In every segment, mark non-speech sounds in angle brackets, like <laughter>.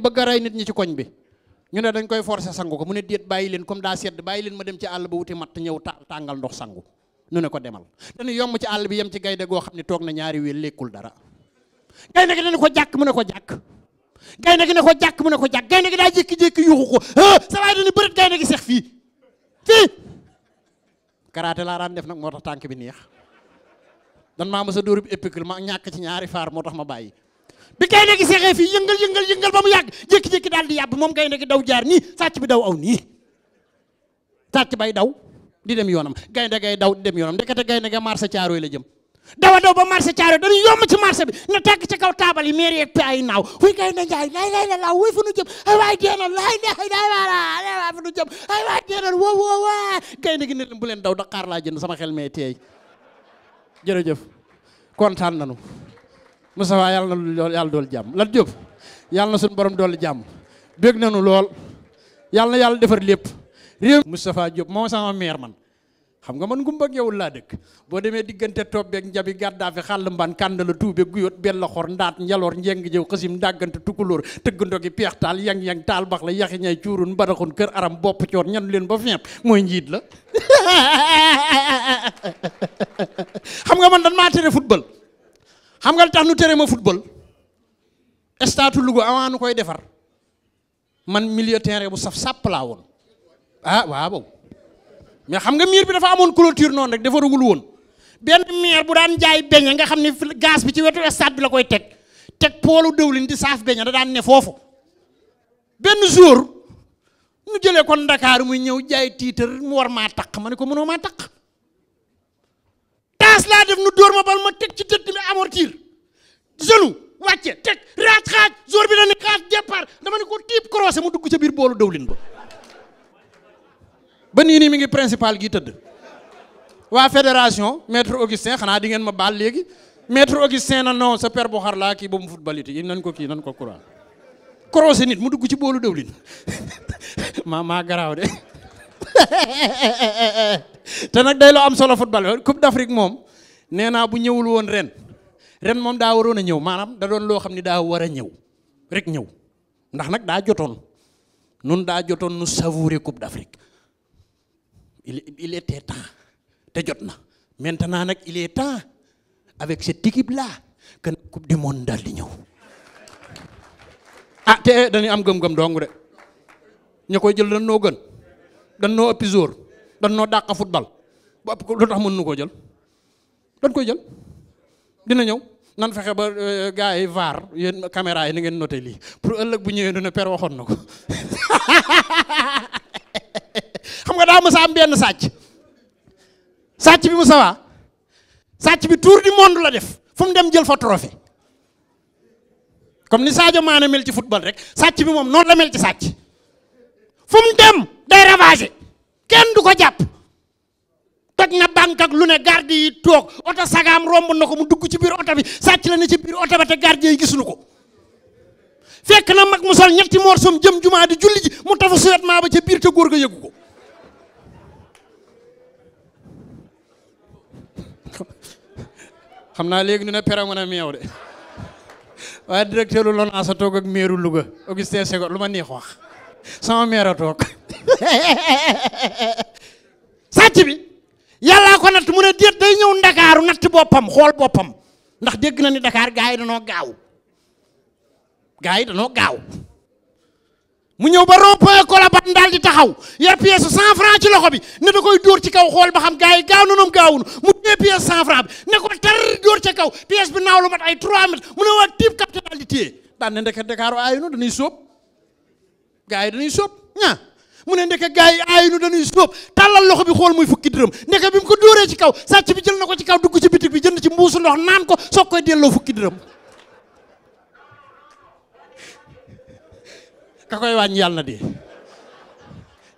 bëgg a rey nit ñi ci koñ bi ñu ne dañ koy forcer sangu ko mu ne déet bàyyi leen comme daa sedd bàyyi leen ma dem ci àll ba wuti matt ñëw ta tàngal ndox sangu nu ne ko demal dañu yomb ci àll bi yem ci gaynde goo xam ne toog na ñaari wéel lekkul dara gaynde gi dañu ko jàkk mu ne ko jàkk gaynde gi ne ko jàkk mu ne ko jàkk gaynde gi daa jékki-jékki yuuxu ko sa waay dañu bërit gaynde gi sex fii fii karaate laa daan def nag moo tax tànk bi neex dan maa mës a dóorub épicule ma ñàkk ci ñaari faar moo tax ma bàyyi bi gaynde gi seexee fii yëngal yëngal yëngal ba mu yàgg jékki-jékki daal di yàbb moom gaynde gi daw jaar nii sàcc bi daw aw nii sàcc bay daw di dem yoonam gaynde gay daw di dem yoonam ndekete gaynde ga marché caarooy la jëm dawa daw ba marché caarooy dañuy yomb ci marché bi na tàkk ci kaw taabal yi mairie ak paa yi naaw wuy gaynde njaay lay lay la laaw wuy fu nu jëm ay waay deenal lay lay lay fu nu jëm ay waay deenal woo woo waa gaynde gi ne bu leen daw daqaar laa jënd sama xel mee teey jërëjëf kontaan nanu Moustapha yàlla na yàlla dool jàmm Lat Diop yàlla na suñu borom dool jàmm bég nañu lool yàlla na yàlla defar lépp réew Moustapha Diop moo sama maire man xam nga man ngumba ak yow laa dëkk boo demee diggante tobbeeg njabi gàddaafi xàll mbaan kàndala tuube guyóot bella xor ndaat njaloor njeng jëw xasim ndàggante tukulóor tëggandogi peex taal yang-yang taal bax la yaxi ñay cuurun mbadaxun kër aram bopp coor ñanu leen ba feeb mooy njiit la <laughs> xam nga man dan maa tere football xam nga tax nu tere ma football stade Louga avant nu koy defar man milieu terrain bu saf sàpp laa woon ah waaw mais xam nga miir bi dafa amoon clôture noonu rek defaragul woon benn miir bu daan jaay beñe nga xam ne gaz bi ci wetu stade bi la koy teg teg poolu dëwlin di saaf beñe da daan ne foofu benn jour nu jëlee kon Dakar muy ñëw jaay tiitar mu war maa taq ma ne ko mënoo maa taq taas laa def nu dóor ma bal ma teg ci tir genou wàcce teg raaj xaaj jour bi na ne xaaj départ dama ne ko tiib croisé mu dugg ca biir boolu dawlin ba ba nii mi ngi principal gi tëdd waa fédération maître Augustin xanaa di ngeen ma baal léegi maître Augustin na non sa père bu xar laa kii ba mu football it nan ko kii nan ko courant croisé nit mu dugg ci boolu dawlin <laughs> maa maa garaaw de <laughs> te nag day loo am solo football Coupe d'Afrique moom nee naa bu ñëwul woon ren ren moom daa waroon a ñëw maanaam da doon loo xam ni daa war a ñëw rek ñëw ndax nag daa jotoon nun daa jotoon nu savouré Coupe d'Afrique il il était temps te jot na maintenant nag il est temps avec cette équipe là que Coupe du Monde daal di ñëw ah te dañuy am gëm-gëm dong de ña koy jël dañ noo gën dan noo ëppi jour dañ noo dàq football ba lu tax mën nu koo jël dañ koy jël dina ñëw nan fexe ba euh, gars yi vaar yéen caméra yi ni ngeen noté lii pour ëllëg bu ñëwee du ne per waxoon na ko <laughs> xam nga daa mës a am benn sàcc sàcc bi Moussa waa sàcc bi tour du monde la def fu mu dem jël fa trophée comme ni Sadio Mané mel ci football rek sàcc bi moom noonu la mel ci sàcc fu dem day ravager kenn du ko jàpp. toj na banque lu ne garde yi toog oto sagaam romb na ko mu dugg ci biir oto bi sàcc la ne ci biir oto ba te garde yi gisuñu ko fekk na mag mu sol ñetti morsom jëm jumaa di julli ji mu tafu suwet maa ba ca biir te góor ga yëgu ko xam naa léegi ñu ne pere mën a meew de waaye directeur lu loon asa toog ak meeru luga Augustin Senghor lu ma neex wax sama meer a toog <laughs> sàcc bi yàllaa ko natt mu ne déet day ñëw ndakaaru natt boppam xool boppam ndax dégg na ni Dakar gaa yi danoo gaaw gaa yi danoo gaaw mu ñëw ba rond-point Colobane daal di taxaw ya pièce cent franc ci loxo bi ne da koy dóor ci kaw xool ba xam gaa yi gaaw nanoom gaawunu mu dee pièce cent franc bi ne ko tar dóor ca kaw pièce bi naaw lu mat ay trois mètres mu ne waa tiib capté daal di téye daan ne ndeke Dakar aayunu dañuy sóob gaa yi dañuy sóob ñaa mu ne ndeke gars yi aayunu dañuy sóob tàllal loxo bi xool muy fukki dërëm ndeke bi mu ko dóoree ci kaw sàcc bi jël na ko ci kaw dugg ci bitik bi jënd ci mbuusu ndox naan ko soog koy delloo fukki dërëm ka koy wàññi yàlla na dee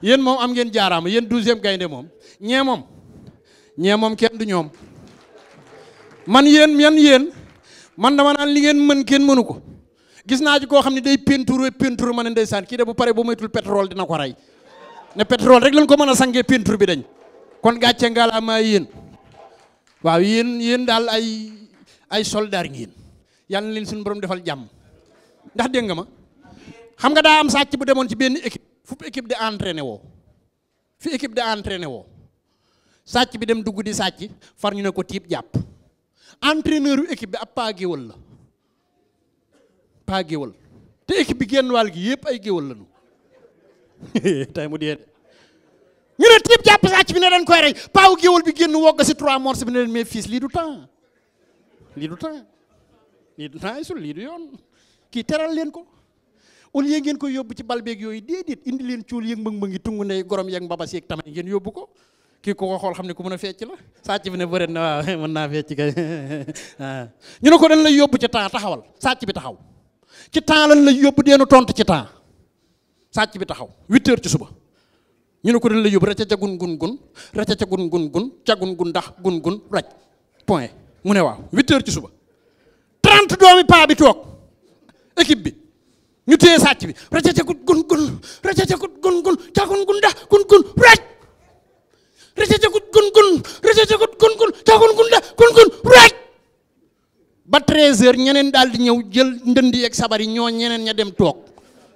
yéen moom am ngeen jaaraama yéen douzième gaynde moom ñee moom ñee moom kenn du ñoom man yéen yan yéen man dama naan li ngeen mën kenn mënu ko gis naa ci koo xam ne day peinture peinture ma ne ndeysaan kii de bu pare bu moytul pétrole dina ko rey ne pétrole rek lañ ko mën a sangee peinture bi dañ kon gàcce ngalaama yéen waaw yéen yéen daal ay ay soldaar ngeen yàlla na leen suñu borom defal jàmm ndax dégg nga ma xam nga daa am sàcc bu demoon ci benn équipe fu équipe de entraîné woo fi équipe de entraîné woo sàcc bi dem dugg di sàcc far ñu ne ko tiib jàpp entraîneur yu équipe bi ab paa géwël la pas géwal te équipe bi génn wàll gi yëpp ay géwal lañu <laughs> tey mu dee de ñu ne tiib jàpp sàcc bi ne dañ koy rey paaw géwal bi génn wogg si trois morceaux bi ne leen mais fils lii du temps lii du temps lii du temps sul yoon kii teral leen ko au lieu ngeen koy yóbbu ci bal beek yooyu déedéet indi leen cuul yëg mbëng mbëngi tungu ne gorom yeeg mbabas yeeg tamit ngeen yóbbu ko kii ku ko xool xam ne ku mën a fecc la sàcc bi ne bëreet na waaw <laughs> mën naa fecc kay <laughs> ñu ne ko dañ lay yóbbu ci temps taxawal sàcc bi taxaw ci temps lañ la yóbbu deenu tontu ci temps sàcc bi taxaw huit heures ci suba ñu ne ko dañ la yóbbu racaca gun gun gun racaca gun gun gun ca gun gun ndax gun gun raj point mu ne waaw huit heures ci suba trente doomi paa bi toog équipe bi ñu téye sàcc bi racaca gun gun heures ñeneen daal di ñëw jël ndënd yeeg sabar yi ñoo ñeneen ña dem toog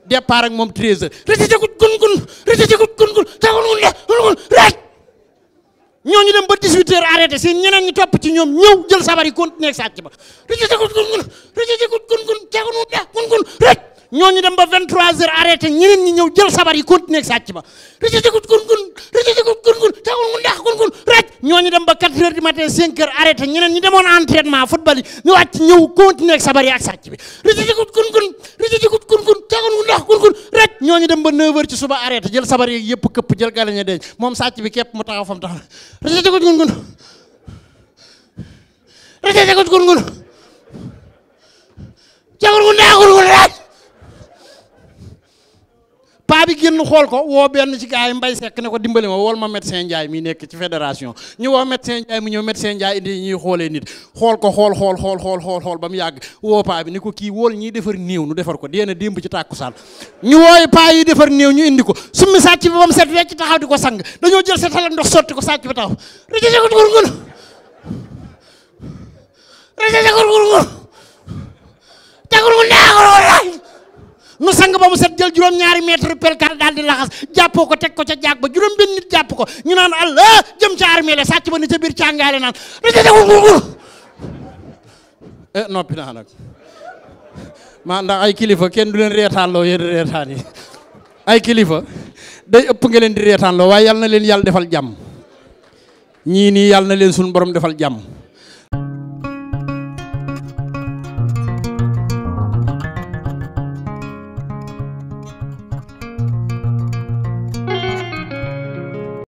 départ ak moom treize heures rëcc jagut gun gun rëcc jagut gun gun taxul gun la gun rek ñooñu dem ba 18 heures arrêté si ñeneen ñi topp ci ñoom ñëw jël sabar yi continuer sàcc ba rëcc jagut gun gun rëcc jagut gun gun taxul gun la gun gun rek ñooñu dem ba 23h arrêté ñeneen ñi ñëw jël sabar yi continuer sàcc ba rëccëgut gun gun rëccëgut gun gun tawul gun ndax gun gun raj ñooñu dem ba 4h du matin 5h arrêté ñeneen ñi demoon entraînement football yi ñu wàcc ñëw continuer ak sabar yi ak sàcc bi rëccëgut gun gun rëccëgut gun gun tawul gun ndax gun gun raj ñooñu dem ba 9h ci suba arrêté jël sabar yi yëpp këpp jël galaña denc moom sàcc bi képp mu taxaw fam taxaw rëccëgut gun gun rëccëgut gun gun cagur gun ndax gun gun raj paa bi génn xool ko woo benn ci gars yi mbay sekk ne ko dimbali ma wool ma médecin Ndiaye mi nekk ci fédération ñu woo médecin Ndiaye mu ñëw médecin Ndiaye indi ñuy xoolee nit xool ko xool xool xool xool ba mu yàgg woo paa bi ni ko kii wool ñiy defar néew nu defar ko dee na démb ci tàkkusaan ñu wooyu paa yi defar néew ñu indi ko summi sàcc bi ba mu set wecc taxaw di ko sang dañoo jël setal ak ndox sotti ko sàcc bi taxaw rëjëse ko ngurngul rëjëse ko ngurngul te ngurngul nu sang ba mu set jël juróom-ñaari mètre pelkaal daal di laxas jàppoo ko teg ko ca jaag ba juróom benn nit jàpp ko ñu naan allah jëm ca armée la sàcc ba ne ca biir càngaale naan eh noppi naa nag ay kilifa kenn du leen reetaan loo yéen reetaan yi ay kilifa day ëpp nga leen waaye yàlla na leen yàlla defal jàmm ñii nii yàlla na leen suñu borom defal jàmm